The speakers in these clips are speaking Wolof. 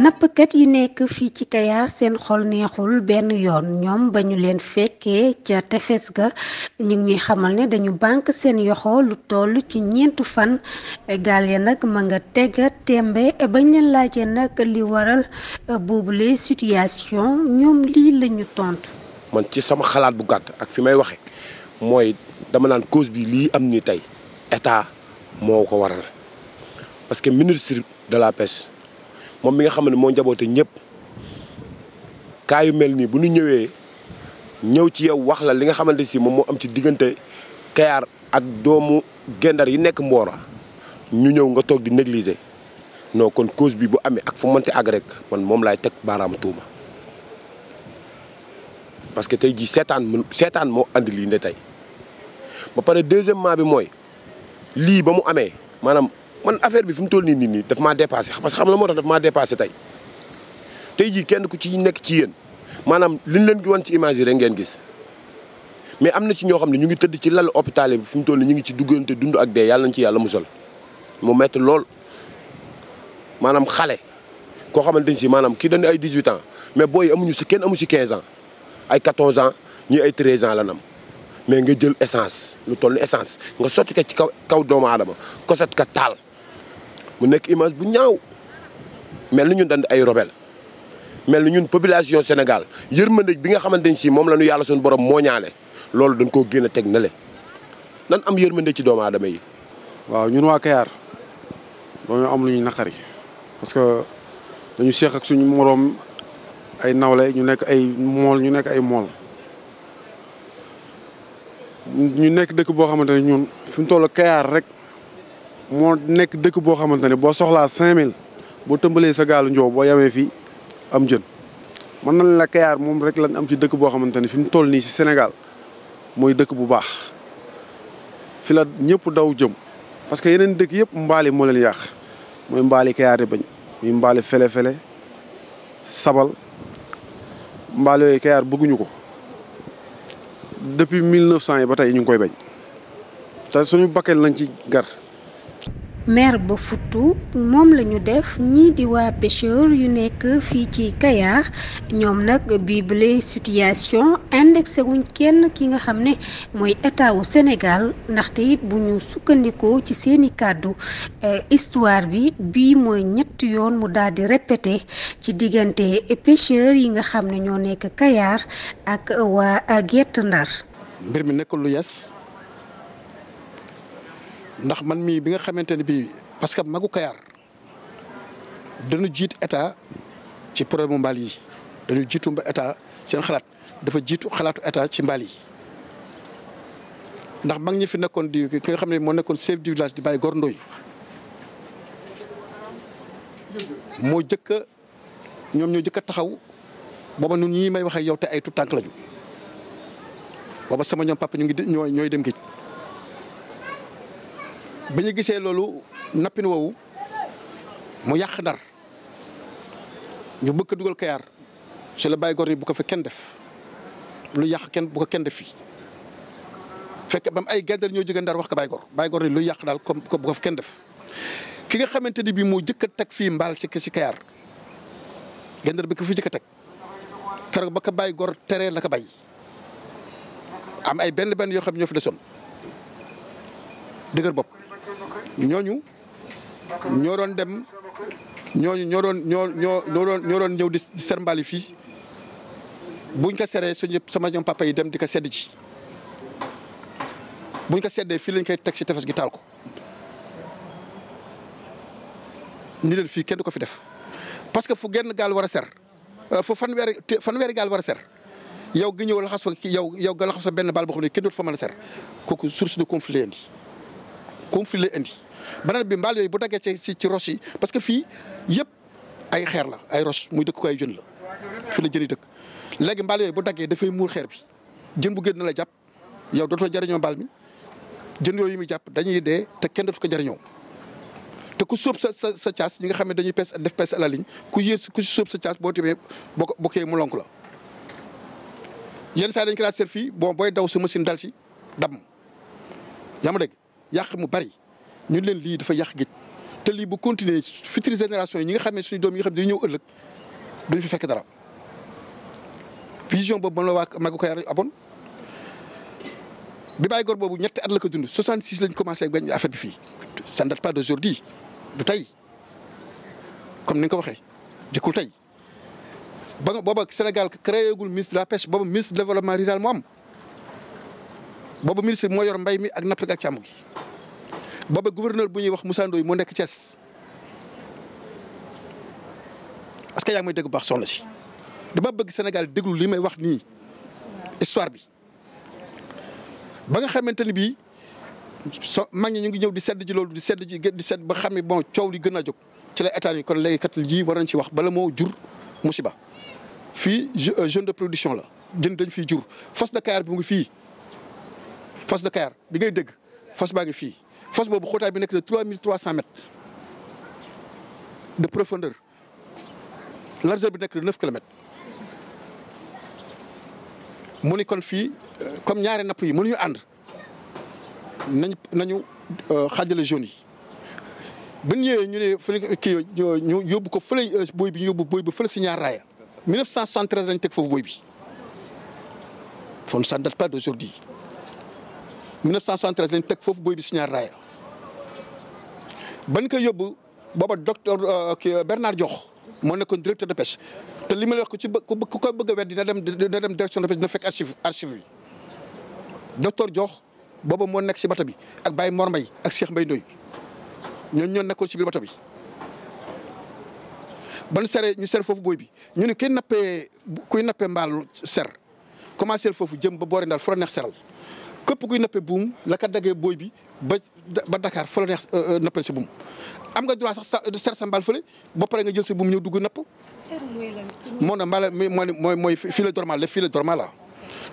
nappkat yi nekk fii ci Kayar seen xol neexul benn yoon ñoom ba ñu leen fekkee ca tefes ga ñu ngi ñuy xamal ne dañu banque seen yoxo lu toll ci ñeentu fan gaal ya nag ma nga tega tembe bañ leen laajee nag li waral boobule situation ñoom lii lañu tontu. man ci sama xalaat bu gàtt ak fi may waxe mooy dama naan cause bi lii am ni tey état moo ko waral parce ministre de la moom mi nga xam ne moo njaboote ñëpp kaa yu mel nii bu ñu ñëwee ñëw ci yow wax la li nga xamante si moom moo am ci diggante Kayar ak doomu Gendar yi nekk mboora ñu ñëw nga toog di négliger noo kon cause bi bu amee ak fu mënti àgg rek man moom laay teg baaraamu tuuma parce que tey jii seetaan mu seetaan moo andi lii ne tey ba pare deuxièmement bi mooy lii ba mu amee maanaam man affaire bi fi toll nii nit ñi daf maa dépassé parce que xam la moo tax daf maa dépassé tey tey jii kenn ku ci nekk ci yéen maanaam liñ leen gi woon ci imager yi ngeen gis mais am na ci ñoo xam ne ñu ngi tëdd ci lal hôpital bi fi mu toll nii ñu ngi ci duggante dund ak dee yàlla nañ ci yàlla musal mu metti lool maanaam xale koo xamante ni si maanaam kii dañ ay 18 ans mais booy amuñu si kenn amu si 15 ans ay 14 ans ñii ay 13 ans la nam mais nga jël essence lu toll ni nga sotti ko ci kaw kaw doomu aadama ko taal. mu nekk image bu ñaaw mel ni ñun dañ ay robel mel ni ñun population Sénégal yërmande bi nga xamante ni si moom la ñu yàlla suñu borom moo ñaale loolu dañ koo génn teg na le nan am yërmande ci doomu aadama yi. waaw ñun waa Kayar dañoo am lu ñu naqari parce que dañu seex ak suñu moroom ay nawle ñu nekk ay mool ñu nekk ay mool. ñu nekk dëkk boo xamante ne ñun fi mu toll Kayar rek. moo nekk dëkk boo xamante ne boo soxlaa 5000 boo tëmbalee sa gaalu njoow boo yamee fii am jën mën nañ la Kayaar moom rek lañ am ci dëkk boo xamante ne fi mu toll nii ci senegal mooy dëkk bu baax fi la ñëpp daw jëm parce que yeneen dëkk yëpp mbaali moo leen yàq mooy mbaali Kayaar bañ muy mbaali fele-fele sabal mbaali yooyu Kayaar bëgguñu ko depuis cent yi ba tey ñu ngi koy bañ te suñu bakkan lañ ci gar mer ba futtu moom la ñu def ñii di waa pêcheur yu nekk fii ci Kayar ñoom nag bible situation indexé wuñ kenn ki nga xam ne mooy état wu ndaxte it bu ñu sukkandikoo ci seeni kàddu eh, histoire bi bii mooy ñetti yoon mu daal di répété ci diggante pêcheur yi nga xam ne ñoo nekk Kayar ak waa Guet Ndar. mbir ndax man mii bi nga xamante ne bii parce que magu kayaar dañu jiit état ci problème mu mbaal yi dañu jiitu état seen xalaat dafa jiitu xalaatu état ci mbaal yi. ndax mag ñi fi nekkoon di ki nga xam ne moo nekkoon chef du village di Baye Gor Ndoye moo jëkk a ñoom ñoo jëkka a taxaw booba ñun ñii may waxee yow te aytu tànk lañu booba sama ñoom papa ñu ngi ñooy dem géej bi ñu gisee loolu nappin woowu mu yàq ndar ñu bëgg dugal kayaar ci la bàyyi góor ñi bu ko fi kenn def lu yàq kenn bu ko kenn def fii fekk bam ay gàddar ñoo jógee ndar wax ka bàyyi góor bàyyi góor ñi lu yàq daal comme bu ko kenn def ki nga xamante ni bii moo jëkk a teg fii mbaal ci ci kayaar gàddar bi ko fi jëkk a teg keroog ba ko bàyyi góor teree la ko am ay benn benn yoo xam ñoo fi desoon dëgër bopp. ñooñu ñoo doon dem ñooñu ñoo doon ñoo ñoo ñoo doon ñëw di ser mbaali fii buñ ko seree suñu sama ñoom yi dem di ko sedd ci buñ ko seddee fii lañ koy teg ci tefes gi taal ko ñu leen fii kenn du ko fi def parce que fu genn gaal war a ser euh, fu fanweeri fanweeri gaal war a ser yow gi ñëw laxas fa yow yow nga laxas fa benn baal boo xam ne kenn dootu fa mën a ser kooku source de conflit indi conflit la indi beneen bi mbaal yooyu bu daggee ci ci roche yi parce que fii yëpp ay xeer la ay roche muy dëkk ko ay jën la fi la jën dëkk léegi mbaal yooyu bu daggee dafay muur xeer bi jën bu gën na la jàpp yow dootoo jariñoo mbaal mi jën yooyu muy jàpp dañuy de te kenn dootu ko jariñoo te ku sóob sa sa sa caas ñi nga xam ne dañuy pes def pes à la ligne ku yées ku sóob sa caas boo tibee boo ko bokkee mu la yenn saa dañ ko daa seet fii boo booy daw sa machine dal si dam yaa yàq mu bari ñun leen lii dafa yàq géej te lii bu continuer future génération yi nga xam ne suñu doom yi nga xam ne ñëw ëllëg duñu fi fekk dara vision boobu moom la waa Magu Kayaar abon bi bàyyi boobu ñetti at la ko dund 66 lañ commencé ak benn bi fii ça ne date pas d'aujourd'hui du tey comme ni nga ko waxee jëkkul tey ba nga booba Sénégal créé gul ministre de la pêche booba ministre développement rural moo boobu ministre moo yor mbay mi ak napp ak càmm gi booba gouverneur bu ñuy wax Moussa Ndoye moo nekk Thiès parce que yaa ngi may dégg bu baax soxna si dama bëgg Sénégal déglu li may wax nii histoire bi ba nga xamante ni bii so mag ñu ngi ñëw di sedd ji loolu di sedd ji di sedd ba xam ne bon coow li gën a jóg ci la état yi kon léegi kat ji war nañ ci wax bala moo jur musiba fii euh, jeune de production la jën dañ fiy jur fos de Cayar bi mu ngi fii fosse de Kayar bi ngay dégg fosse baa ngi fii fosse boobu xóotaay bi nekk de trois mille trois cent mètres de profondeur largeur bi nekk de neuf kilomètres. mu ni kon fii euh, comme ñaari napp yi mënuñu ànd nañ nañu euh, xaajale jeunes yi ba ñëwee ñu ne fu fële kii ñu yóbbu ko fële euh, booy bi ñu yóbbu booy bi fële si ñaar raaya 1973 lañ teg foofu booy bi kon ça ne date pas d'aujourd'hui 1973 lañ teg foofu booy bi si ñaar raaya koy yóbbu booba docteur euh, euh, Bernard jox moo nekkoon directeur de pêche te li ma la wax ko ci ku ko bëgg a weddi dina dem dina dem direction de pêche dina fekk archive archive bi docteur Diokh booba moo nekk si bato bi ak bay Mor mbay ak Cheikh Mbaye Ndoye ñooñu ñoo nekkoon ci biir bato bi. ban seree ñu ser foofu booy bi ñu ne kuy nappee kuy nappee mbaal ser commencé foofu jëm ba boori ndaal fu la neex képp kuy nappee buum la ka daggee booy bi ba ba Dakar fa la neex euh, euh, nappal si buum am nga droit sax sa euh, ser sa mbaal fële ba pare nga jël sa buum ñëw dugg napp. moo na mbaal mooy mooy filet dormant le filet dormant la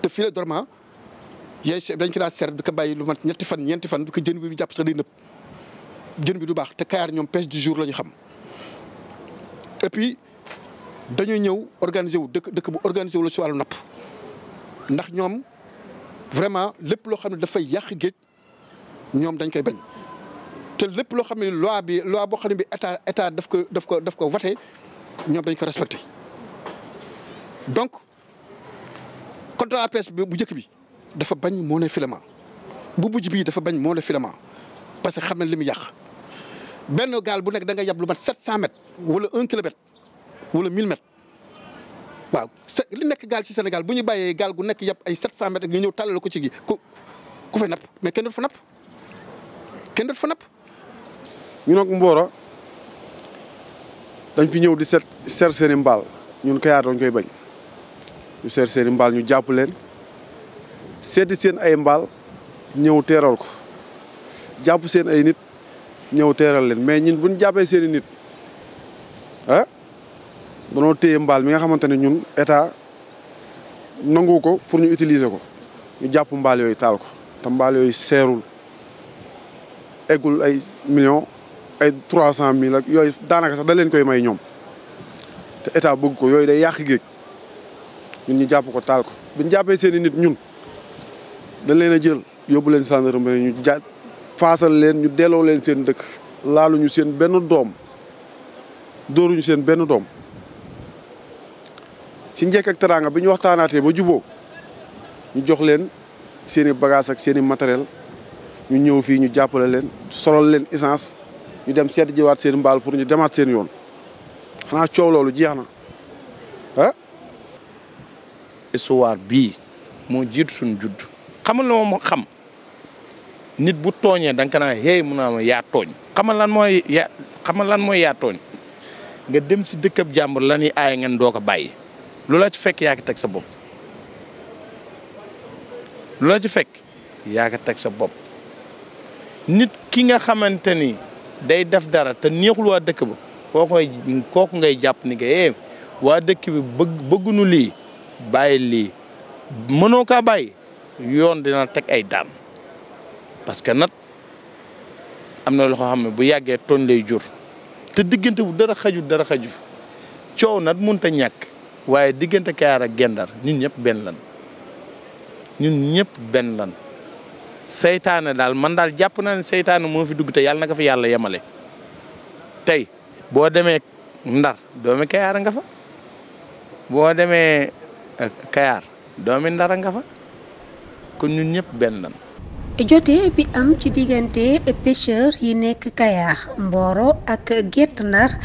te filet dormant yaay dañ ko daa ser di ko bàyyi lu mat ñetti fan ñeenti fan di ko jën bi jàpp sax day nëpp jën bi du baax te kayaar ñoom pêche du jour la ñu xam et puis ñëw organiser wu dëkk dëkk bu organiser wu la si wàllu napp ndax ñoom. vraiment lépp loo xam ne dafay yàq géej ñoom dañ koy bañ te lépp loo xam ne loi bi loi boo xam ne bi état état daf ko daf ko daf ko voté ñoom dañ ko respecté donc contrat APS bu njëkk bi dafa bañ filement bu mujj bii dafa bañ monofilament parce que xam ne li mu yàq benn gaal bu nekk da nga yab lu mat 700 mètres wala 1 kilomètre wala 1000 mètres. waaw li nekk gaal ci senegal bu ñu bàyyee gaal gu nekk yëpp ay 700 mètres nga ñëw tàllal ko ci gi ku ku fay napp mais kenn dootu fa napp kenn dootu fa napp. ñu nag Mboro dañ fi ñëw di set seer seen i mbaal ñun koy bañ ñu seer ñu jàpp leen seeti seen ay mbaal ñëw teeral ko jàpp seen ay nit ñëw teeral leen mais ñun ñu jàppee seeni nit ah. danoo téye mbaal mi nga xamante ne ñun état nangu ko pour ñu utiliser ko ñu jàpp mbaal yooyu taal ko te mbaal yooyu seerul eggul ay millions ay trois cent mille ak yooyu daanaka sax da leen koy may ñoom te état bëgg ko yooyu day yàq géej ñun ñu jàpp ko taal ko biñ jàppee seen i nit ñun da leen a jël yóbbu leen gendarmerie ñu jàpp faasal leen ñu delloo leen seen dëkk laaluñu seen benn doom dóoruñu seen benn doom si njëkk ak teraanga bi ñu waxtaanaatee ba juboo ñu jox leen seen i bagage ak seeni i matériel ñu ñëw fii ñu jàppale leen solol leen essence ñu dem seet jiwaat seen mbaal pour ñu demaat seen yoon xanaa coow loolu jeex na ah. histoire bii moo jiit suñu judd. xamal la moom xam nit bu tooñee da nga ko mun naa ma yaa tooñ. xamal lan mooy ya yaa tooñ nga dem si dëkkab jàmbur la ñuy aaye ngeen doo a bàyyi. lu la ci fekk yaa ko teg sa bopp lu ci fekk yaa teg sa bopp nit ki nga xamante ni day def dara te neexul waa dëkk ba kooku ngay ngay jàpp ni que eh waa dëkk bi bëgg bëgguñu lii bàyyi lii mënoo kaa bàyyi yoon dina teg ay daan parce que nag am na loo xam ne bu yàggee tooñ lay jur te diggante bu dara xaju dara xaju coow nag mënut a ñàkk. waaye diggante Kayar ak Gendar ñun ñëpp benn lan ñun ñëpp benn lan seytaane daal man daal jàpp naa ne seytaane moo fi dugg te yàlla na ko fi yàlla yemale tey boo demee Ndar doomi Kayar nga fa boo demee eh, Kayar doomi Ndar nga fa kon ñun ñëpp benn lan jote bi am ci diggante pêcheur yi nekk Kayar Mboro ak Guet Ndar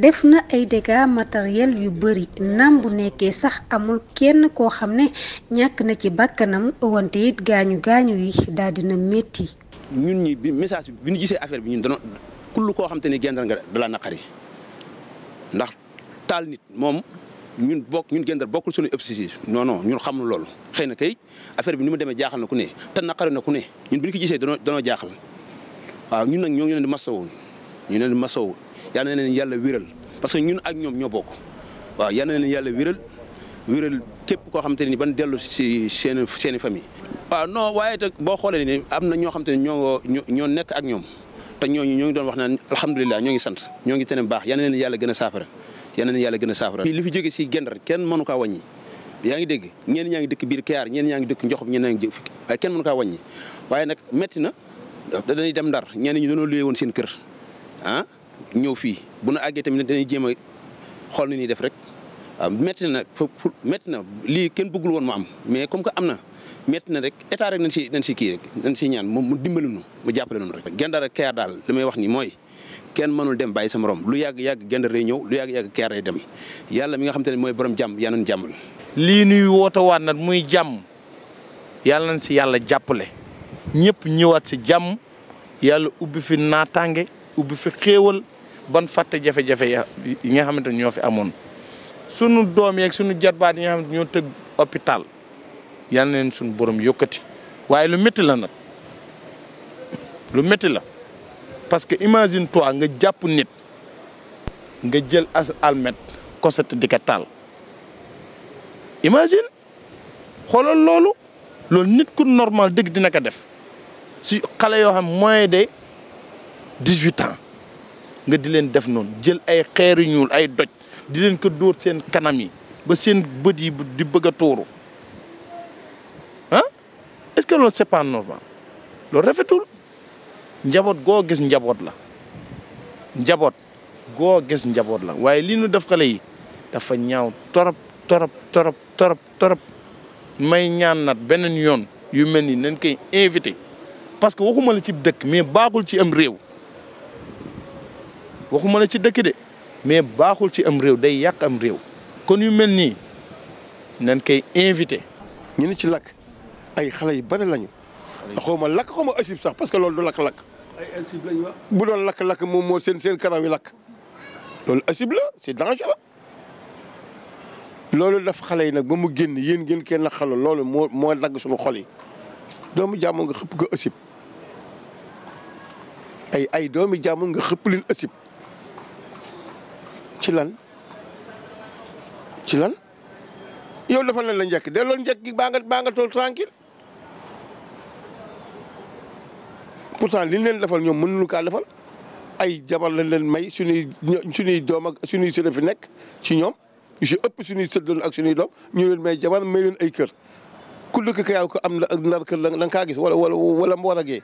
def na ay dégâts matériel yu bari naam bu nekkee sax amul kenn koo xam ne ñàkk na ci bakkanam wante it gaañu gaañu yi daal na métti. ñun ñi bi message bi ñu gisee affaire bi ñun dana kull koo xam te ne gendar nga dala naqari ndax taal nit moom ñun bokk ñun gendar bokkul sunu objectif non non ñun xamul loolu xëy na kay. affaire bi ni mu demee jaaxal na ku ne te naqari na ku ne ñun bi ñu ko gisee danoo danoo jaaxal waaw ñun nag ñoo ngi leen di masawu ñu leen di masawu yal na leen yàlla wiral parce que ñun ak ñoom ñoo bokk waaw yal yàlla wéral wéral képp koo xamante ni ban dellu si seen seen i famille. waaw non waaye te boo xoolee ni am na ñoo xam te ñoo ñoo nekk ak ñoom te ñooñu ñoo ngi doon wax naan alhamdulilah ñoo ngi sant ñoo ngi tene baax yal na leen yàlla gën a saafara yal na leen yàlla gën a saafara. li fi jóge si genn kenn mënu kaa wàññi yaa ngi dégg ñeen ñaa ngi dëkk biir Kayar ñeen ñaa ngi dëkk Njoxob ñeen ñaa ngi dëkk waaye kenn mënu kaa wàññi waaye nag metti na dañuy dem ndar ñeen ñu doonoo luyee woon seen kër ah ñëw fii bu nu àggee tamit dañuy jéem a xool ni ñuy def rek waaw ah, métti na nag foofu métti na lii kenn bëggul mu am mais comme que am na métti na rek état rek nañ si si kii rek nañ si ñaan moom mu dimbali nu mu jàppale noonu rek. Gendar ak Kayar daal wax ni mooy kenn mënul dem bàyyi sa morom lu yàgg yàgg Gendar day ñëw lu yàgg yàgg Kayar day dem yàlla mi nga xam te ne mooy borom jàmm yaa nañ jàmmal lii nuy woote nag muy jàmm yàlla nañ si yàlla jàppale ñëpp ñëwaat si jàmm yàlla ubbi fi naataange ubbi fi xéewal ban fatte jafe-jafe yi nga xamante ne ñoo fi amoon. sunu doom yeeg sunu jarbaat yi nga ñoo tëgg hôpital yal na leen sunu borom yokkati waaye lu métti la nag lu métti la parce que imagine toi nga jàpp nit nga jël as almet kosete di ko taal. imagine xoolal loolu loolu nit ku normal dégg dina ko def si xale yoo xam moins de dix-huit ans nga di leen def noonu jël ay xeer yu ñuul ay doj di leen ko dóor seen kanam yi ba seen bët yi di bëgg a tuuru ah est-ce que loolu c'est pas loolu rafetul njaboot goo gis njaboot la njaboot goo gis njaboot la waaye li ñu def xale yi dafa ñaaw torop torop torop torop torop may ñaan nat beneen yoon yu mel ni nan koy invité parce que waxuma la ci dëkk mais baaxul ci am réew waxuma la ci dëkk de mais baaxul ci am réew day yàq am réew kon yu mel nii nañ koy invité ñu ni ci lakk ay xale yu bari lañu xaw ma lakk xaw ma asib sax parce que loolu du lakk-lakk ay wax bu doon lakk-lakk moom moo seen seen karaw yi lakk loolu asib la c'est dangereux loolu daf xale yi nag ba mu génn yéen ngeen kenn la xalo loolu moo moo dagg suñu xol yi doomu jàmm nga xëpp ko ësib ay ay doomu jàmm nga xëpp leen ësib ci lan ci lan yow dafa na la njëkk de loolu njëkk gi baa nga baa nga toog tranquille pourtant leen defal ñoom mënul kaa defal ay jabar lañ leen may suñuy suñuy doom ak suñuy sëriñ fi nekk ci ñoom yu si ëpp suñuy sët ak suñuy doom ñu leen may jabar may leen ay kër ku dëkk Kayar ko am ndar kër la nga kaa gis wala wala wala mboor agee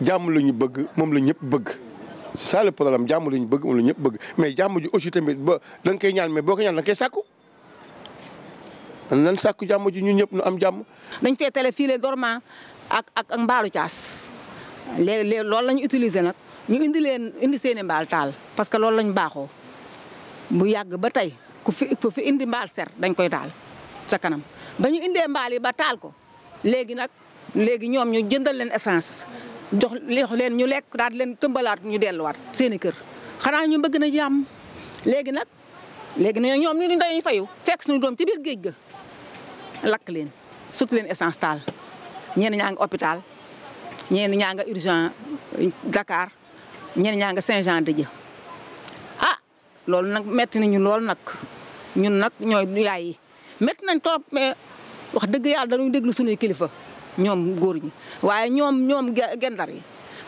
jàmm la ñu bëgg moom la ñëpp bëgg c'est ça le problème jàmm la bëgg moom la ñëpp bëgg mais jàmm ji aussi tamit ba da nga koy ñaan mais boo ko ñaan da nga koy sàkku nan sàkku jàmm ji ñu ñëpp nu am jàmm. dañ fee télé fii dormant ak ak ak mbaalu caas le léeg loolu la ñu utiliser nag ñu indi leen indi seen i mbaal taal parce que loolu lañ ñu baaxoo. bu yàgg ba tey ku fi ku fi indi mbaal ser dañ koy taal sa kanam ba ñu indee mbaal yi ba taal ko léegi nag léegi ñoom ñu jëndal leen essance jox jox leen ñu lekk daal di leen tëmbalaat ñu delluwaat seen i kër xanaa ñu bëgg na jàmm léegi nag léegi nag ñoom ñu dañuy fayu fekk suñu doom ci biir géej ga lakk leen sotti leen essence taal ñenn ñaa ngi hôpital ñenn ñaa nga urgent Dakar ñenn ñaa nga Saint-Jean de Dieu loolu nag metti nañu lool nag ñun nag ñooy yaay yi métti nañ trop mais wax dëgg yàlla dañuy déglu suñuy kilifa ñoom góor ñi waaye ñoom ñoom gendar yi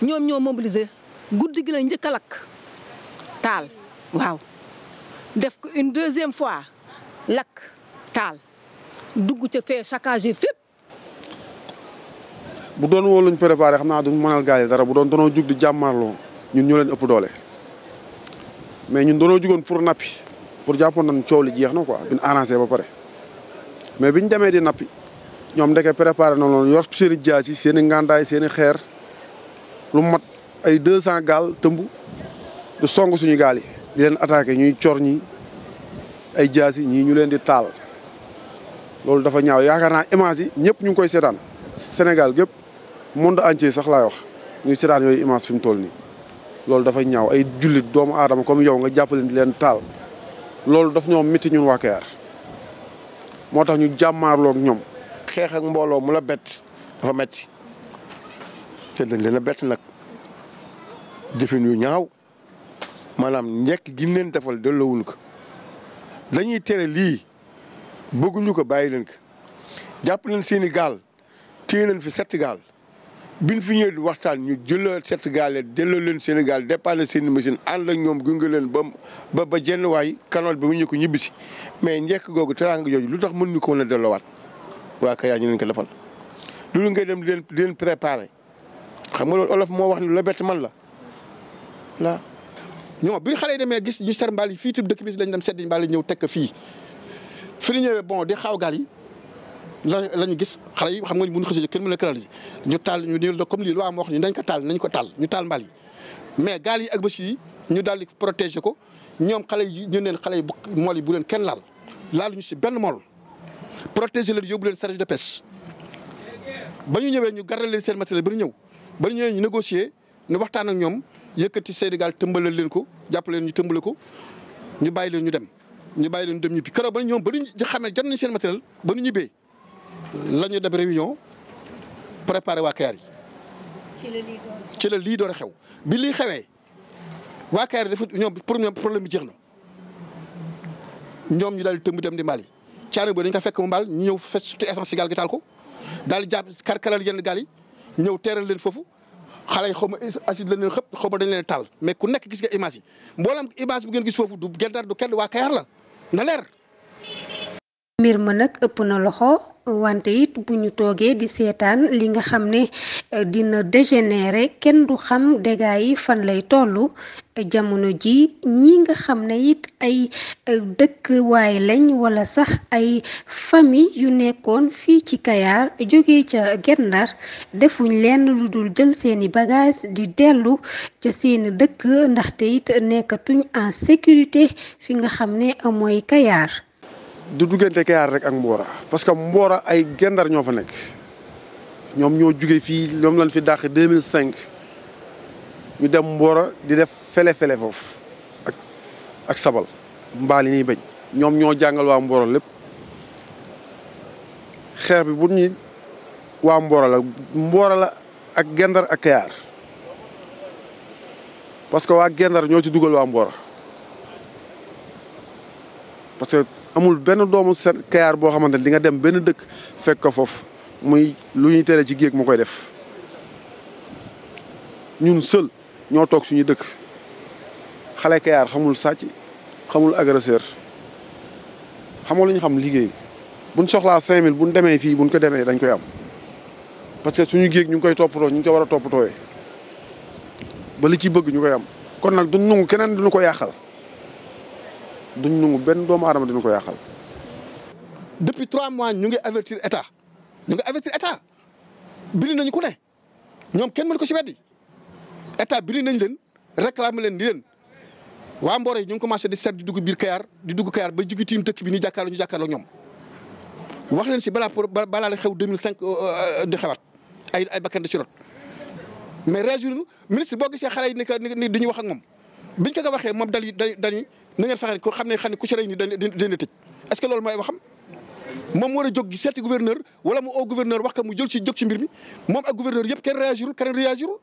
ñoom ñoo mobilisé guddi gi la njëkk a lakk taal waaw def ko une deuxième fois lakk taal dugg ca fee saccagé fépp bu doon woo luñ préparé xam naa duñ mënal gaay dara bu doon danoo jug di jàmmarloo ñun ñoo leen ëpp doole mais ñun dañoo jugoon pour nappi pour jàppoon nañ coow li jeex na ko bi ñu arrangé ba pare mais bi ñu demee di nappi ñoom ndeke préparer na loolu yor seen i jaas yi seen ngàndaay seen i xeer lu mat ay deux cent gaal tëmb du song suñu gaal yi di leen attaqué ñuy cor ñi ay jaas yi ñii ñu leen di taal loolu dafa ñaaw yaakaar naa image yi ñëpp ñu ngi koy seetaan Sénégal gépp monde entier sax laay wax ñuy seetaan yooyu image fi mu toll nii loolu dafa ñaaw ay jullit doomu aadama comme yow nga jàppaleen leen taal loolu daf ñoo métti ñun waa moo tax ñu jàmmaarloog ñoom. xeex ak mbooloo mu la bett dafa metti te dañ leen a bett nag jëfin yu ñaaw maanaam njekk gi leen defal delloowuñu ko dañuy tere lii bëgguñu ko bàyyi leen ko jàpp leen seeni gaal téye leen fi setti gaal. bin fi ñëwee di waxtaan ñu jëlal Sénégal delloo leen Sénégal dépanne seen machine ànd ak ñoom gunge leen ba ba jenn waay kanool bi mu ñu ko ñibbi si mais njekk googu teraanga jooju lu tax mën ñu ko mën a delloowaat waa Kayaar ñu leen ko defal. loolu ngay dem di leen di leen préparé xam nga loolu olof moo wax ni la bett man la voilà. ñoo bi xale yi demee gis ñu ser mbaal yi fii itam dëkk bi si lañ dem sedd mbaal yi ñëw tekk fii fi ñu ñëwee bon di xaw gaal la lañu gis xale yi xam nga ni mënu xësi kenn mën a canaliser ñu taal ñu niil comme lii lu am wax ñu dañ ko taal nañ ko taal ñu taal mbaal yi mais gaal yi ak bés yi ñu daal di protéger ko ñoom xale yi ñu neen xale yi bu mool yi bu leen kenn laal laalu ñu si benn mool protéger leen yóbbu leen service de pêche ba ñu ñëwee ñu garder leen seen matériel ba ñu ñëw ba ñu ñëwee ñu négocier ñu waxtaan ak ñoom yëkkati Sénégal tëmbalal leen ko jàppale leen ñu tëmbale ko ñu bàyyi leen ñu dem ñu bàyyi leen ñu dem ñibbi keroog ba ñoom ba ñu xamee jot nañ seen matériel ba ñu ñibbee la ñu dem réunion préparé waa Kayar ci la lii doon xew bi lii xewee waa Kayar dafa ñoom pour ñoom problème bi jeex na ñoom ñu daal di tëmb dem di Mali. caanu boobu dañu ko fekk mu mbaal ñu ñëw fes surtout essence si gaal gi taal ko daal di jàpp karkalal yenn gaal yi ñëw teeral leen foofu xale yi xaw ma acide leen xëpp xaw dañ leen taal mais ku nekk gis nga image yi mboolam image bu ngeen gis foofu du gendaar du kenn waa Kayar la na leer. mbir mën nag ëpp na loxo wante it bu ñu toogee di seetaan li nga xam ne eh, dina dégénérer kenn du xam dégâts yi fan lay tollu jamono ji ñi nga xam ne it ay eh, dëkk waay lañ wala sax ay famille yu nekkoon fii ci Kayaar jóge ca Guet defuñ lenn lu dul jël seeni bagage di dellu ca seeni dëkk ndaxte it nekkatuñ en sécurité fi nga xam ne amooy Kayaar du duggante Kayar rek ak mboora parce que Mbora ay gendar ñoo fa nekk ñoom ñoo jugee fii ñoom lañ fi dàq 2005 ñu dem mboora di def fele-fele foofu ak ak sabal mbaal yi ñuy bañ ñoom ñoo jàngal waa Mbora lépp xeex bi bu ñu waa Mbora la Mbora la ak gendar ak Kayar parce que waa gendar ñoo ci dugal waa Mbora parce que amul benn doomu set Kayaar boo xamante ne di nga dem benn dëkk fekk ko foofu muy lu ñuy tere ci géeg mu koy def ñun sël ñoo toog suñu dëkk xale Kayaar xamul sàcc xamul agresseur xam nga lu ñu xam liggéey buñ soxlaa 5000 buñ demee fii bu buñ ko demee dañ koy am parce que suñu géeg ñu ngi koy toppatoo ñu ngi ko war a toppatooyee ba li ci bëgg ñu koy am kon nag duñ nangu keneen duñu ko yàqal. duñ nangu benn doomu aadama dina ko yàqal. depuis trois mois ñu ngi avertir état ñu ngi avertir état bind nañu ku ne ñoom kenn mënu ko si weddi état bind nañ leen réclamer leen ni leen waa Mboro ñu ngi commencé di seet di dugg biir Kayar di dugg Kayar ba jugi tiim dëkk bi ñu jàkkaarloo ñu jàkkaarloo ñoom. wax leen si balaa pour balaa la xew 2005 euh, euh, di xewaat ay ay bakkan di si rot mais région ministre boo gisee xale yi ni que ni duñu wax ak moom biñ ko waxee moom dal dal na ngeen fexe ko ne xam ne ku ci rey ni dañ dañ tëj est-ce que loolu mooy waxam moom war a jóg seeti gouverneur wala mu o gouverneur wax ka mu jël ci jóg ci mbir mi moom ak gouverneur yëpp kenn réagirul kenn réagirul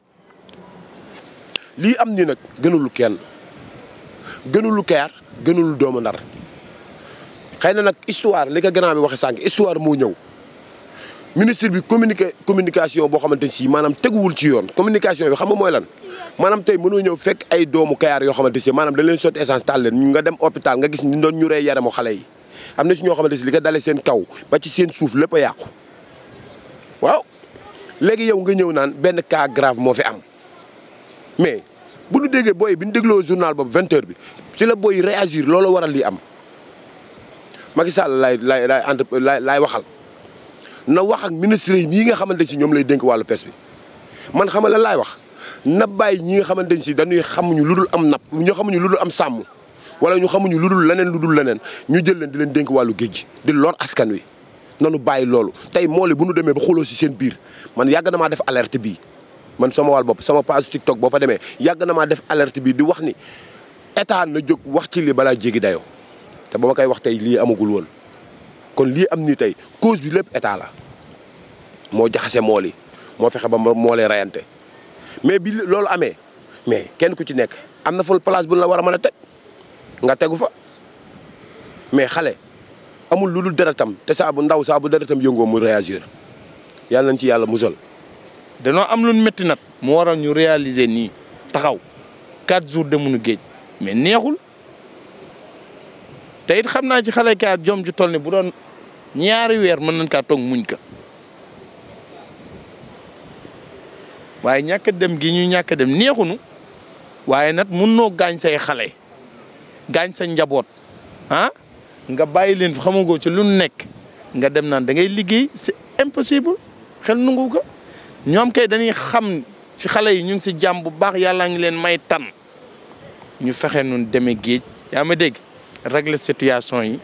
lii am ni nag gënulu kenn gënulu keer gënulu doomu ndar xëy na nag histoire li ko gënaa bi waxe sànq histoire moo ñëw ministre bi communiqué communication boo xamante si maanaam teguwul ci yoon communication bi xam nga mooy lan maanaam tey mënoo ñëw fekk ay doomu kayaar yoo xamante si maanaam da leen sotti essence taal leen nga dem hôpital nga gis ni doon ñu rey yaramu xale yi am na si ñoo xamante si li ko dalee seen kaw ba ci seen suuf lépp a yàqu waaw léegi yow nga ñëw naan benn cas grave moo fi am mais bu ñu déggee booy bi ñu dégloo journal boobu vingt heures bi ci la booy réagir loolu waral li am Macky Sall laay laay laay laay waxal. na wax ak ministre yi nga xamante si ñoom lay dénk wàllu pes bi man xam nga lan laay wax na bàyyi ñi nga xamante si dañuy xamuñu lu dul am napp ñu xamuñu lu dul am sàmm wala ñu xamuñu lu dul leneen lu dul leneen ñu jël leen di leen dénk wàllu géej gi di lor askan wi nanu bàyyi loolu tey mool yi bu nu demee ba xuloo si seen biir man yàgg na maa def alerte bii man sama wàll bopp sama page TikTok boo fa demee yàgg na maa def alerte bii di wax ni état na jóg wax ci li balaa jéggi dayoo te ba ma koy wax tey lii amagul woon kon lii am ni tey cause bi lépp état la moo jaxase mool yi moo fexe ba moolee rayante mais bi loolu amee mais kenn ku ci nekk am na fa place bu la war man a teg nga tegu fa mais xale amul lu dul tam te saa ndaw saa bu tam yëngoo mu réagir yàlla nañ ci yàlla musol danoo am lu métti nat mu waral ñu réaliser nii taxaw quatre jours demunu géej mais neexul te xam naa ci xale kaat jom ju toll bu doon. ñaari weer mën nañ kaa toog muñ ka waaye ñàkk dem gi ñu ñàkk dem neexunu waaye nag mun noo gaañ say xale gaañ sa njaboot ah nga bàyyi leen fi xamagoo ci lu nekk nga dem naan dangay liggéey c'est impossible xel nungu ko ñoom kay dañuy xam ci xale yi ñu ngi si jàmm bu baax yàllaa ngi leen may tan ñu fexe nun deme géej yaa ma dégg régle situation yi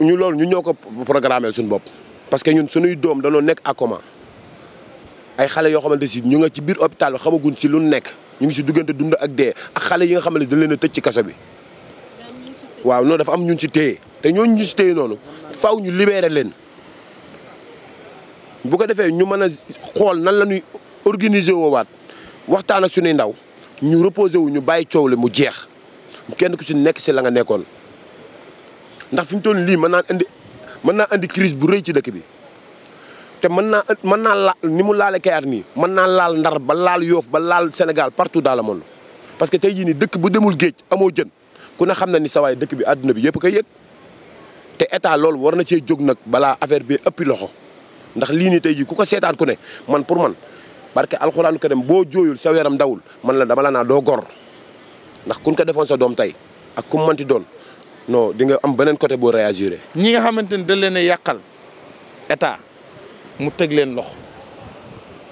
ñu loolu ñu ñoo ko programmé suñu bopp parce que ñun suñuy doom dañoo nekk ak coma ay xale yoo xamante si ñu nga ci biir hôpital xamaguñ si lu nekk ñu ngi si duggante dund ak dee xale yi nga xam ne dañ leen a tëj ci kaso bi waaw noonu dafa am ñun si téye te ñooñu ñu si téye noonu faaw ñu libéré leen bu ko defee ñu mën a xool nan la ñuy organiser woowaat waxtaan ak suñuy ndaw ñu reposé wu ñu bàyyi coow le mu jeex kenn ku si nekk si la nga nekkoon. ndax fi mu toll lii mën naa indi mën naa indi crise bu rëy ci dëkk bi te mën naa mën naa laal ni mu laale Kayar nii mën naa laal Ndar ba laal Yoof ba laal Sénégal partout dans le monde parce que tey jii ni dëkk bu demul géej amoo jën ku na xam na ni sawaay dëkk bi àdduna bi yëpp koy yëg te état loolu war na cee jóg nag balaa affaire bi ëppi loxo ndax lii nii tey jii ku ko seetaan ku ne man pour man barke alxuraanu karim boo jooyul sa yaram dawul man la dama naa doo gor ndax kun ko defoon sa doom tey ak ku mu mënti doon non di nga am beneen côté boo réagir. ñi nga xamante ni da leen a yàqal état mu teg leen loxo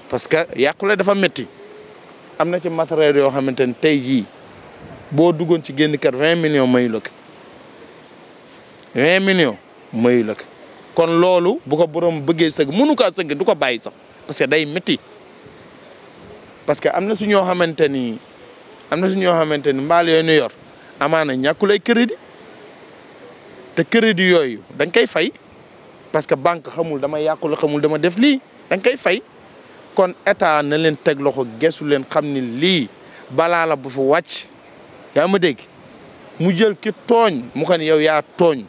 parce que yàqule dafa métti am na ci matériel yoo xamante ni tey jii boo duggoon ci génn kër vingt millions mayu la ko vingt millions mayu la ko kon loolu bu ko borom bëggee sëgg mënu kaa du ko bàyyi sax parce que day métti parce que am na su ñoo xamante ni am na su ñoo xamante ni mbaal yooyu ñu yor amaana ñàkkul ay crédit te crédit yooyu da nga koy fay parce que banque xamul dama yàqu la xamul dama def lii da nga koy fay kon état na leen teg loxo gesu leen xam ni lii balaa la bu fa wàcc yaa ma dégg mu jël ki tooñ mu ko ne yow yaa tooñ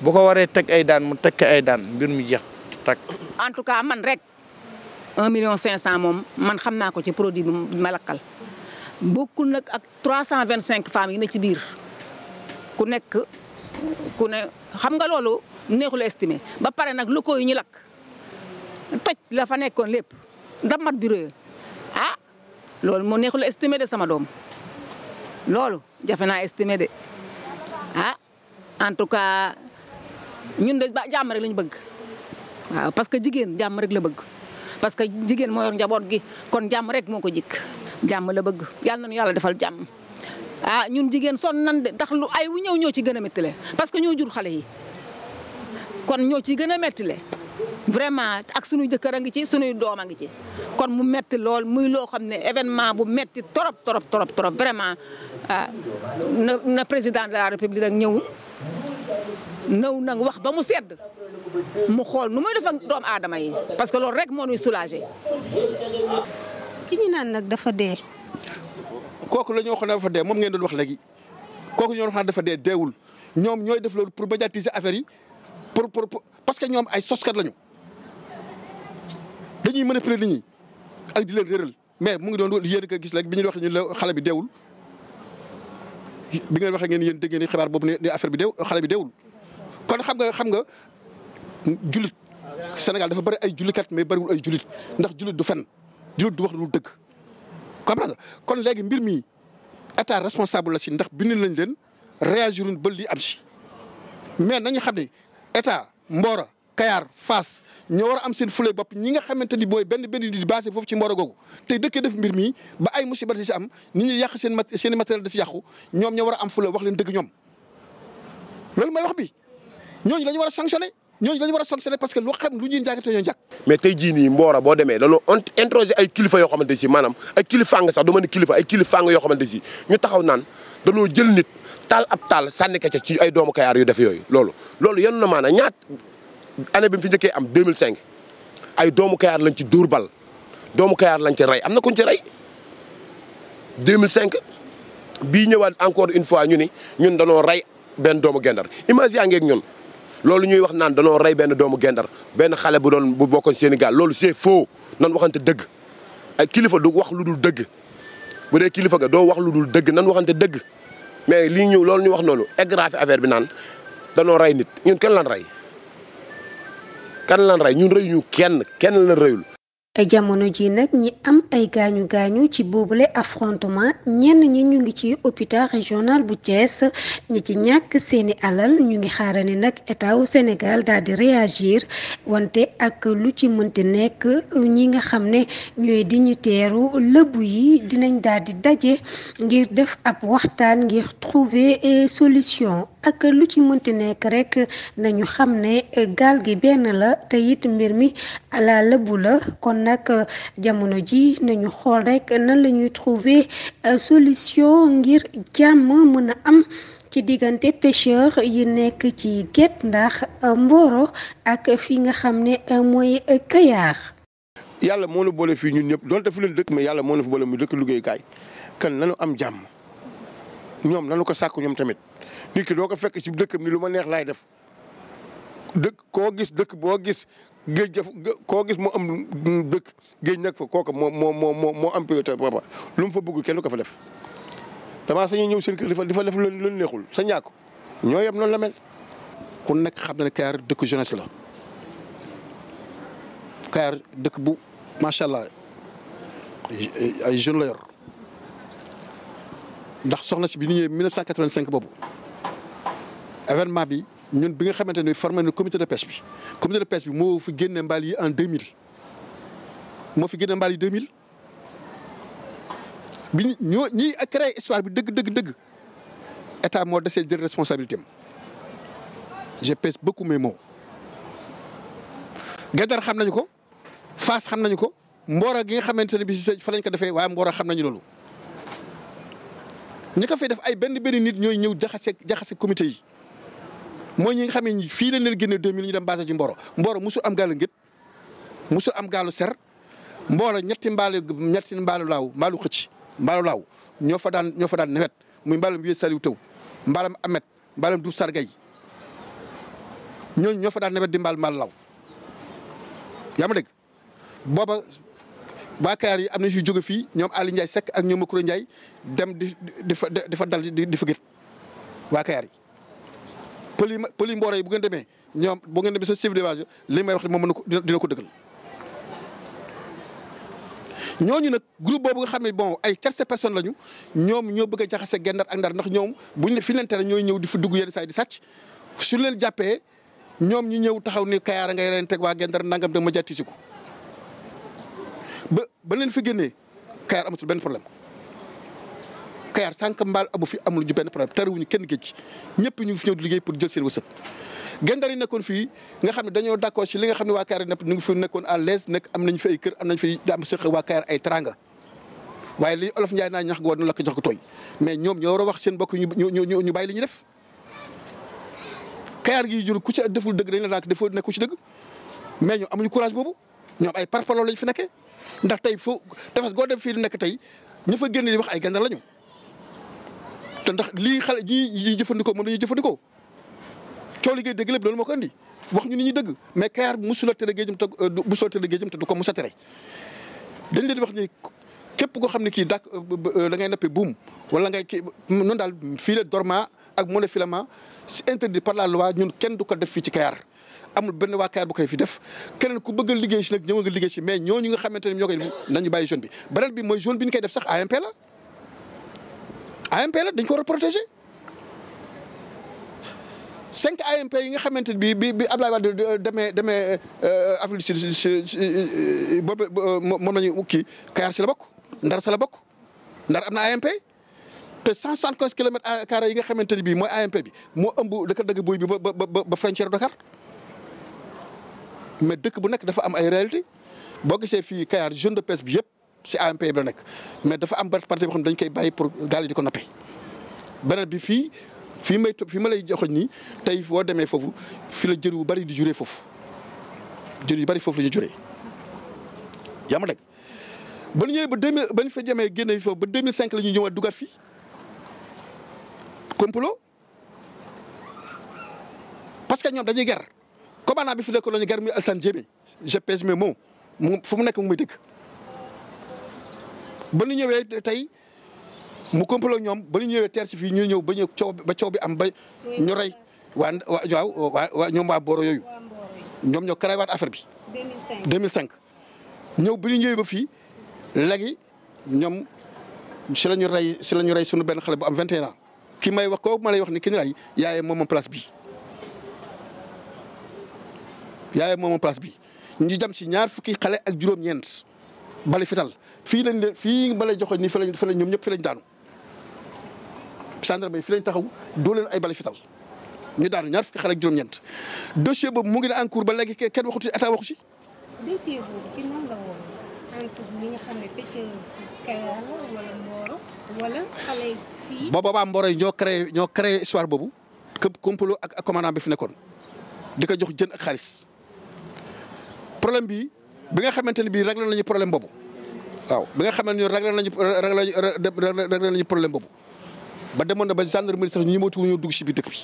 bu ko waree teg ay daan mu teg ay daan mbir mu jeex tak en tout cas man rek un million cinq cent moom man xam naa ko ci produit bi ma lakkal bokkul nag ak trois cent vingt cinq femmes yi ne ci biir ku nekk ku ne xam nga loolu neexul estimé ba pare nag locaux yi ñu lakk toj la fa nekkoon lépp damat bureau ah loolu moo neexul estimé de sama doom loolu jafe naa estimé de ah en tout cas ñun de ba jàmm rek lañ bëgg waaw parce que jigéen jàmm rek la bëgg parce que jigéen moo yor njaboot gi kon jàmm rek moo ko jikk jàmm la bëgg yàlla na nu yàlla defal jàmm. ah ñun jigéen son nan de ndax lu ay wu ñëw ñoo ci gën a méttile parce que ñoo jur xale yi kon ñoo ci gën a méttile vraiment ak suñu jëkkër a ngi ci suñuy doom a ngi ci kon mu metti lool muy loo xam ne événement bu metti trop trop trop trop vraiment ah, na na président de la république rek ñëw ñëw nag wax ba mu sedd mu xool nu muy def ak doomu aadama yi parce que loolu rek moo ñuy soulager. ki ñu naan nag dafa dee. kooku la ñu waxoon dafa dee moom ngeen doon wax léegi kooku ñoo waxoon dafa dee deewul ñoom ñooy def loolu pour médiatiser affaire yi pour pour parce que ñoom ay soskat lañu dañuy mën manipuler nit ñi ak di leen réeral mais mu ngi doon yéen ko gis léegi bi ñu wax ñu la xale bi deewul bi ngeen waxee ngeen yéen dégg ngeen xibaar boobu ni affaire bi deew xale bi deewul kon xam nga xam nga jullit Sénégal dafa bëri ay jullikat mais bëriwul ay jullit ndax jullit du fen jullit du wax lu dëgg comprendre kon léegi mbir mi état responsable la si ndax bind lañ leen réagiruñ ba lii am si mais nañu xam ne état Mboro kayaar fas ñoo war am seen fule bopp ñi nga xamante ni booy benn benn di basé foofu ci Mboro googu tey dëkkee def mbir mi ba ay musiba di si am nit ñi yàq seen mat seen i matériel di si yàqu ñoom ñoo war am fulay wax leen dëgg ñoom loolu mooy wax bi ñooñu la war a sanctionné ñooñu dañu war a sanctionné parce que lu xam lu ñuy njàngate ñoo njàkk mais tey jii nii boo demee dañoo introsé ay kilifa yoo xamante si maanaam ay kilifang sax ma ne kilifa ay kilifang yoo xamante si ñu taxaw naan dañoo jël nit taal ab taal sànni ca ci ay doomu Kayaar yu def yooyu loolu loolu yenn na maana ñaat année bi mu fi njëkkee am 2005 ay doomu Kayaar lañ ci dóor bal doomu Kayaar lañ ci rey am na kuñ ci rey 2005 bii ñëwaat encore une fois ñu ni ñun dañoo rey benn doomu Gendar image yaa ngeeg ñun loolu ñuy wax naan danoo rey benn doomu gendar benn xale bu doon bu bokkoon Sénégal loolu c'est faux nan waxante dëgg ay kilifa du wax lu dul dëgg bu dee kilifa ga doo wax lu dul dëgg nan waxante dëgg mais lii ñëw loolu ñuy wax noonu aggraver affaire bi naan danoo rey nit ñun kan lan rey kan lan rey ñun rëyuñu kenn kenn lan reyul E, jamono ji nag ñi am ay gaañu gaañu ci boobule affrontement ñenn ñi ñu ngi ci hôpital régional bu Thiès ñi ci ñàkk seeni alal ñu ngi xaarani nag état wu Sénégal di réagir wante ak lu ci mënte nekk ñi nga xam ne ñooy dignitaire lëbu yi dinañ daal di daje ngir def ab waxtaan ngir trouver eh, solution. ak lu ci mënti nekk rekk nañu xam ne gaal gi benn la te it mbir mi ala lëbu la kon nag jamono ji nañu xool rek nan lañuy ñuy trouver euh, solution ngir jàmm mën a am ci diggante pêcheur yi nekk ci gétt ndax euh, mbooro ak fi nga xam ne euh, mooy Kayar. yàlla moo nu boole fii ñun ñëpp donte fi leen dëkk mais yàlla moo nu fi boole mu dëkk liggéeyukaay kan nanu am jàmm ñoom nanu ko sàkk ñoom tamit. nit ki doo ko fekk ci bu dëkkam ni lu ma neex laay def dëkk koo gis dëkk boo gis géej def koo gis moo am dëkk géej nekk fa kooka moo moo moo moo am priorité papa lu mu fa bëgg kenn du ko fa def. damaa sañu ñëw seen kër di fa di def lu neexul sa ñàkk ñoo yem noonu la mel. ku nekk xam na ne Kayar dëkk jeunesse la Kayar dëkk bu macha allah ay jeune la yor ndax soxna si bi ñu ñëwee 1985 boobu. événement bi ñun bi nga xamante ne formé na comité de pêche bi comité de pes bi moo fi génne mbaal yi en 2000 moo fi génne mbaal yi mille bi ñu ñoo a créé histoire bi dëgg dëgg dëgg état moo desee jël responsabilité am je pèse beaucoup mes mots. Guédar xam nañ ko Fass xam nañ ko Mboro gi nga xamante ne bi si fa lañ ko defee waaye Mboro xam nañu loolu. ñi ko fay def ay benn benn nit ñooy ñëw jaxase jaxase comité yi mooy ñi nga xam ne fii lañ leen génne 2000 ñu dem basé ci Mboro Mboro musul am gaalu ngét musul am gaalu ser Mboro ñetti mbaalu mbaalu laaw mbaalu xëcc mbaalu laaw ñoo fa daan ñoo daan nawet muy mbaalum Vieux Saliou Taw mbaalum Amet mbaalum du Sargay ñooñu ñoo fa daan nawet di mbaal mbaal law yaa booba waa Kayar yi am na si jóge fii ñoom Aliou Ndiaye Seck ak ñoom Makoura Ndiaye dem di di fa dal di fa gët waa Kayar yi pël yi pël yi mboore yi bu ngeen demee ñoom bu ngeen demee sa chef de village li may wax moom mën ko dina ko dëggal. ñooñu nag groupe boobu nga xam ne bon ay tierce personne lañu ñoom ñoo bëgg a jaxase Guet-Ndar ndax ñoom buñ ne fi leen tere ñooy ñëw di fa dugg yenn saa di sàcc su leen jàppee ñoom ñu ñëw taxaw ni Kayar ngay leen teg waa Guet-Ndar nangam da ma jàttisi ko ba ba leen fi génnee Kayar amatul benn problème. Kayar sànq mbaal amu fi amu amul ju benn problème tarewuñu kenn géej ñëpp ñu ngi fi ñëw di liggéey pour jël seen wësëg. gendar yi nekkoon fii nga xam ne dañoo d'accord ci li nga xam ne waa Kayar nepp ñu ngi fi nekkoon à l'aise nekk am nañu fi ay kër am nañu fi am sëq waaye li olof Ndiaye naa ñax gu war na lakk jox ko tooy mais ñoom ñoo war a wax seen bokk ñu ñu ñu bàyyi li ñu def Kayar gi jur ku ci deful dëgg dañ la daan defoo nekku ci dëgg mais ñoom amuñu courage boobu ñoom ay parparloo lañ fi nekkee ndax tey fu tefes goo dem fii nekk tey ñu fa génn di wax ay gendar lañu te ndax lii xale ji yi jëfandikoo moom la ñuy jëfandikoo coow liggéey dëgg lépp loolu moo ko andi wax ñu ni ñuy dëgg mais Kayar musula tere géejam te musula tere géejam te du ko musa tere dañ leen wax ni képp koo xam ne kii euh, dak la ngay nappe buum wala ngay kii noonu daal filet dormant ak monofilament c'est interdit par la loi ñun ko def fii ci Kayar amul benn waa Kayar bu koy fi def keneen ku bëgg a liggéey si nag ñëw nga liggéey si mais ñooñu nga xamante ne ñoo koy nañu bàyyi zone bi beneen bi mooy zone bi ñu koy def sax AMP la AMP la dañ ko war protéger cinq AMP yi nga xamante bi bi bi Abdoulaye Wade demee demee euh, Afrique du Sud si euh, boobu moom la ñu kii Kayar si bokk Ndar sa bokk Ndar am na AMP te cent soixante quinze kilomètres carré yi nga xamante ne bii mooy AMP bi moo ëmb dëkk dëgg buy bi ba ba ba frontière Dakar mais dëkk bu nekk dafa am ay réalité boo gisee fii Kayar zone de pêche bi yëpp. ci AMP bi la nekk mais dafa am parti boo xam ne dañ koy bàyyi pour gaal di ko noppee beneen bi fii fii may to fi ma lay joxoñ nii tey boo demee foofu fi la jër yu bari di juree foofu jër yu bari foofu la ñu juree yaa degg ba ñu ñëwee ba deux mille ba ñu fa jëmee génne foofu ba deux mille cinq la ñuy ñëwaat dugaat fii complot parce que ñoom dañuy ger commandant bi fi nekk la ñu gar muy Alassane Diémé je pèse moom mots fu mu nekk mu muy dëgg ba ñu ñëwee tey mu complot ñoom ba ñu ñëwee teer si fii ñu ñëw ba ñu coow ba coow bi am ba ñu rey waa waaw waa ñoom waa Mboro yooyu ñoom ñoo créé waat affaire bi. ñëw ba ñu ñëwee ba fii léegi ñoom si la ñu rey si la ñu rey suñu benn xale boo am 21 ans ki may wax kooku ma lay wax ni ki yaaye rey moom moom place bi yaaye moom place bi ñu jam si ñaar fukki xale ak juróom-ñeent bali fii lañ leen fii ma lay joxoon nii fi lañ fi lañ ñoom ñëpp fi lañ daanu gendarme yi fi lañ taxaw doo ay bala fital ñu daanu ñaar fukki xale ak juróom-ñeent dossier boobu mu ngi ne en ba léegi kenn waxu ci état ci. dossier boobu ci ba boobaa Mboro yi ñoo créé ñoo créé histoire boobu këpp complot ak commandant bi fi nekkoon di ko jox jën ak xaalis problème bi bi nga xamante ne bii réglé nañu problème boobu. waaw bi nga xam ne ñun réglé nañu réglé nañu problème boobu ba demoon na ba gendarmerie sax ñu ñu dugg si biir dëkk bi.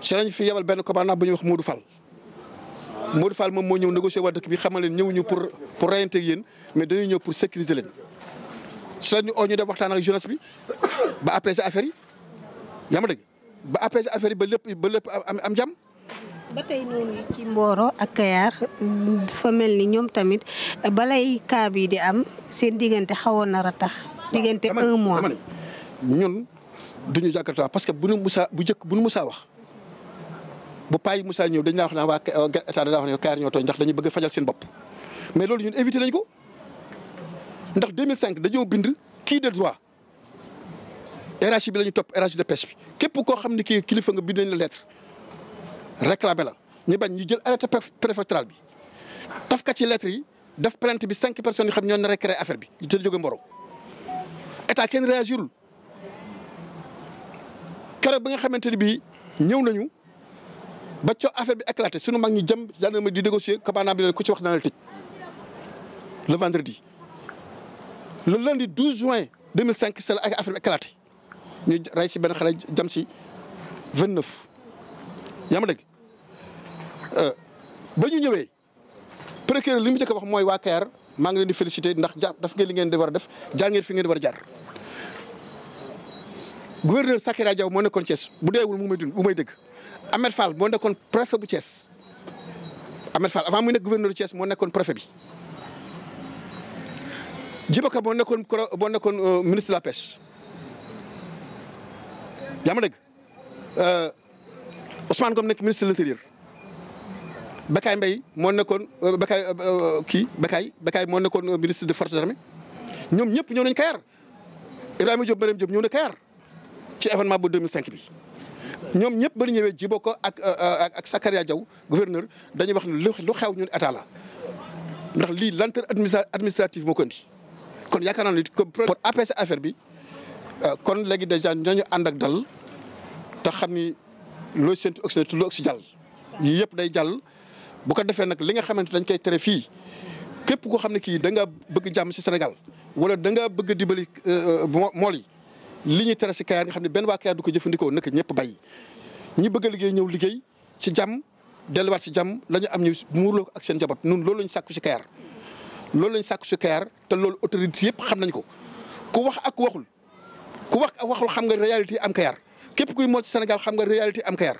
si lañ fi yebal benn commandant bu ñuy wax Modou Fall Modou Fall moom moo ñëw négocier waa dëkk bi xamal leen ñëwuñu pour pour reyante ak mais dañuy ñëw pour sécuriser leen. si lañ ñu oo waxtaan ak jeunesse bi ba apaiser affaire yi yaa ba apaiser affaire yi ba lépp ba lépp am am jàmm. ba tey noonu ci mbooro ak Kayar dafa mel ni ñoom tamit balay cas bi di am seen diggante xawoon na ratax diggante un mois ñun duñu jàkkaarloo parce que bu nu Moussa bu njëkk bu nu Moussa wax bu payi Moussa ñëw dañ laa wax naa waa état da laa wax ne Kayar ñoo tooñ ndax dañu bëgg fajal seen bopp mais loolu ñun éviter nañ ko ndax 2005 dañoo bind kii de droit RH bi la ñu topp RH de pêche bi képp koo xam ne kii kilifa nga bind nañ la lettre réclamé la ñu bañ ñu jël arrêté préfectoral bi taf ka ci lettre yi def plainte bi cinq personnes yoo xam ñoo na récréé affaire bi te jóge Mboro état kenn réagirul keroog bi nga xamante ni bii ñëw nañu ba coo affaire bi éclaté sunu mag ñu jëm gendarmerie di négocier commandant bi ku ci wax dana la tëj le vendredi. le lundi 12 juin 2005 c'est la ak affaire bi éclaté ñu rey si benn xale jam si vingt yaa ma ba ñu ñëwee procureur li mu njëkk wax mooy waa Kayar maa ngi leen félicité féliciter ndax ja daf ngeen li ngeen di war a def jaar ngeen fi ngeen di war a jaar. gouverneur Sakira moo nekkoon Thiès bu deewul mu may dund may dëgg Ahmed Fall moo nekkoon préfet bu Thiès Ahmed Fall avant muy nekk gouverneur Thiès moo nekkoon préfet bi. Djibaka moo nekkoon nekkoon euh, ministre la pêche yaa ma dégg euh, Ousmane Ngom nekk ministre de Bakaay Mbaye moo nekkoon euh, Bakaay euh, euh, kii Bakaay Bakaay moo nekkoon ministre des forces armées ñoom ñëpp ñëw nañ Kayar Ibrahima Diop Mariam Diop ñëw na Kayar ci événement bu 2005 bi. ñoom ñëpp ba ñu ñëwee Djiboko ak ak Sakaria Diaw gouverneur dañuy wax ne lu xew ñu ne état la ndax lii lenteur administrative moo ko indi kon yaakaar naa ne pour apaiser affaire bi kon léegi dèjà ñooñu ànd ak dal te xam ni looy séntu oxygène te loo oxygène jàll yii yëpp day jàll. bu ko defee nag li nga xamante dañ koy tere fii képp koo xam ne kii da nga bëgg jàmm si Sénégal wala da nga bëgg dibali euh, mool yi li ñuy tere si Kayar nga xam ne benn waa Kayar du ko jëfandikoo nag ñëpp bay ñi bëgg liggéey ñëw liggéey si jàmm delluwaat si jàmm lañu am ñu muurloo ko ak seen jaboot nun loolu lañu sàkku si Kayar loolu lañ sàkku si Kayar te loolu autorité yëpp xam nañ ko ku wax ak waxul ku wax a waxul xam nga réalité am Kayar képp kuy moo ci Sénégal xam nga réalité am Kayar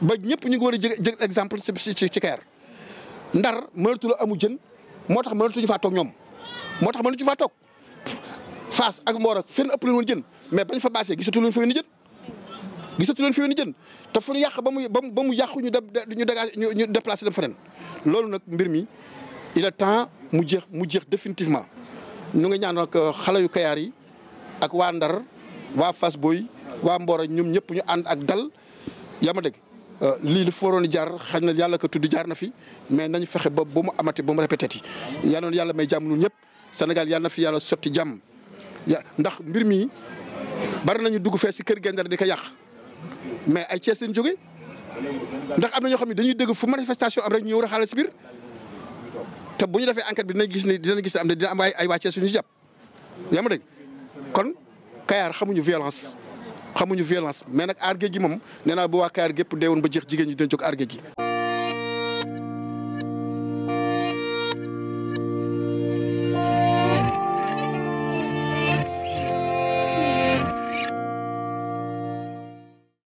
ba ñëpp ñu ngi war a jë jël exemple ci ci Kayar ndar mënatu la amu jën moo tax mënatuñu faa toog ñoom moo tax mënatuñu faa toog Fass ak Mboor ak fenn ëpp leen jën mais bañ fa baasee gisatu leen fa yoon jën gisatu leen fi jën te fu ñu yàq ba mu ba mu yàqu ñu ñu dégage ñu déplacé dem feneen loolu nag mbir mi il est temps mu jeex mu jeex définitivement ñu ngi ñaan ak xale yu Kayar yi ak waa Ndar waa Fass Boy waa Mboro ñoom ñëpp ñu ànd ak dal yaa ma dégg euh, lii li fa waroon jaar xañ na yàlla ko tudd jaar na fi mais nañ fexe ba mu amate ba mu répété ti yàlla may jàmm ñun ñëpp Sénégal yàlla fi yàlla sotti jàmm ndax mbir mi bari nañu dugg fee si kër Gendar di ko yàq mais ay Cees lañ jóge ndax am na ñoo xam ne dañuy dégg fu manifestation am rek ñu ñëw raxaale si biir te bu ñu defee enquête bi dinañ gis ne dinañ gis am dina am ay waa Cees yu ñu si jàpp yaa ma xamuñu violence. xamuñu violence mais nag aar géej gi moom nee naa bu waa Kayaar gépp deewoon ba